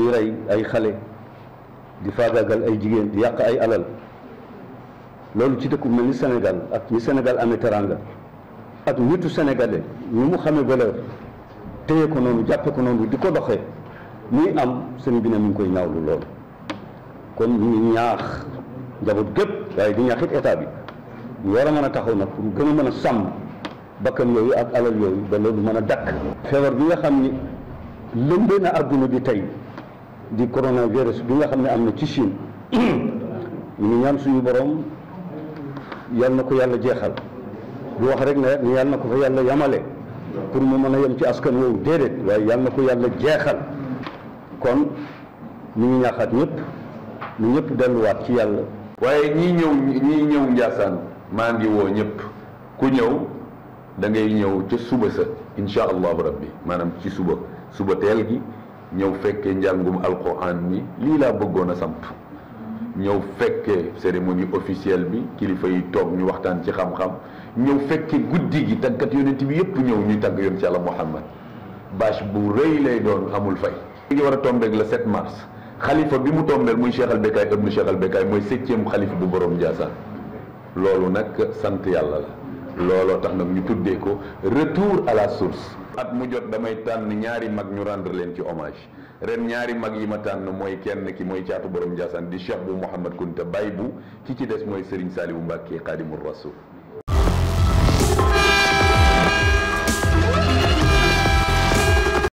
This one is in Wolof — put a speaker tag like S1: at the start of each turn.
S1: ñuy rey ay xale di faagaagal ay jigéen di yàq ay alal loolu ci dëkku mel ni Sénégal ak ñi Sénégal amee teranga ak nitu sénégalais ñi mu xamee valeur téye ko noonu jàppe ko noonu di ko doxee muy am sëriñ bi ne mu ngi koy ñaawlu loolu kon ñu ñaax njaboot gépp waaye di ñaaxit état bi ñu war a mën a taxaw nag pour gën a mën a sàmm bakkan yooyu ak alal yooyu ba loolu mën a dakk feebar bi nga xam ni lëmbee na àdduna bi tey di coronavirus bi nga xam ne am na ci siin ñu ngi ñaan suñu borom yal na ko yàlla jeexal du wax rek ne yal na ko fa yàlla yamale pour mu mën a yem ci askan woowu déedéet waaye na ko yàlla jeexal
S2: kon ñu ngi ñaaxaat ñëpp delluwaat ci yàlla. waaye ñii ñëw ñii ñëw Ndiassane maa ngi woo ñëpp ku ñëw dangay ngay ñëw ca suba sa incha allahu rabbi maanaam ci suba suba teel gi. ñëw fekkee njàngum alquran mi lii laa bëggoon a samp ñëw fekkee cérémonie officielle bi kilifa yi toog ñu waxtaan ci xam-xam ñëw fekke guddi gi tàggat yonent bi yëpp ñëw ñuy tàgg yoon ci yàlla Muhammad bâche bu rëy lay doon amul fay li ngi war a tombeeg le 7 mars xalifa bi mu tombeel muy Cheikh Al Bekkaay ibnu Cheikh Al Bekkaay mooy septième xalifa bu boroom Ndiassane loolu nag sant yàlla la looloo tax nag ñu tuddee ko retour à la source at mu jot damay tànn ñaari mag ñu rendre leen ci hommage ren ñaari mag yi ma tànn mooy kenn ki mooy caatu borom Ndiassane di cheikh bu Mouhamad Kunta Baye bu ki ci des mooy Serigne Saliou Mbacké Khadimou Rassoul